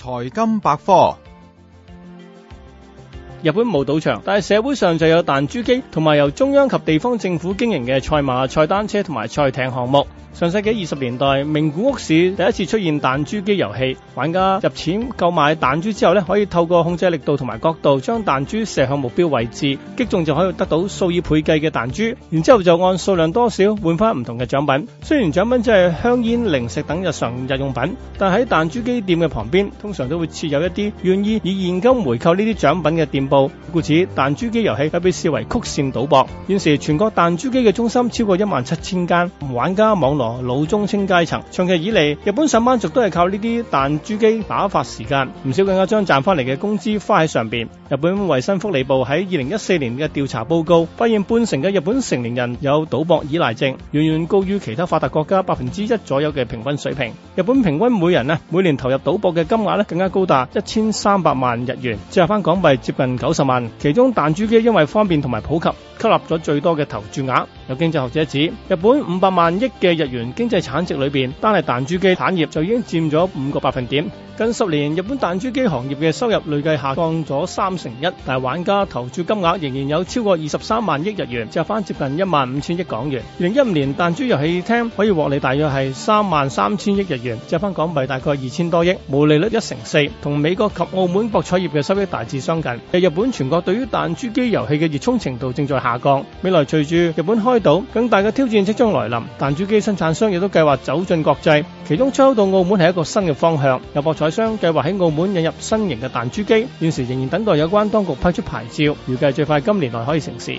財金百科。日本冇賭場，但係社會上就有彈珠機，同埋由中央及地方政府經營嘅賽馬、賽單車同埋賽艇項目。上世紀二十年代，名古屋市第一次出現彈珠機遊戲，玩家入錢購買彈珠之後咧，可以透過控制力度同埋角度，將彈珠射向目標位置，擊中就可以得到數以倍計嘅彈珠，然之後就按數量多少換翻唔同嘅獎品。雖然獎品即係香煙、零食等日常日用品，但喺彈珠機店嘅旁邊，通常都會設有一啲願意以現金回購呢啲獎品嘅店。故此，彈珠機遊戲都被視為曲線賭博。現時全國彈珠機嘅中心超過一萬七千間，玩家網羅老中青階層。長期以嚟，日本上班族都係靠呢啲彈珠機打發時間，唔少更加將賺翻嚟嘅工資花喺上邊。日本衞生福利部喺二零一四年嘅調查報告發現，半成嘅日本成年人有賭博依賴症，遠遠高於其他發達國家百分之一左右嘅平均水平。日本平均每人咧每年投入賭博嘅金額咧更加高達一千三百萬日元，折合翻港幣接近九十萬，其中彈珠機因為方便同埋普及，吸納咗最多嘅投注額。有經濟學者指，日本五百萬億嘅日元經濟產值裏邊，單係彈珠機產業就已經佔咗五個百分點。近十年，日本彈珠機行業嘅收入累計下降咗三成一，但玩家投注金額仍然有超過二十三萬億日元，即係翻接近一萬五千億港元。二零一五年，彈珠遊戲廳可以獲利大約係三萬三千億日元，即係翻港幣大概二千多億，毛利率一成四，同美國及澳門博彩業嘅收益大致相近。誒，日本全國對於彈珠機遊戲嘅熱衷程度正在下下降，未來隨住日本開賭更大嘅挑戰即將來臨，彈珠機生產商亦都計劃走進國際。其中出口到澳門係一個新嘅方向。有博彩商計劃喺澳門引入新型嘅彈珠機，現時仍然等待有關當局批出牌照，預計最快今年內可以成事。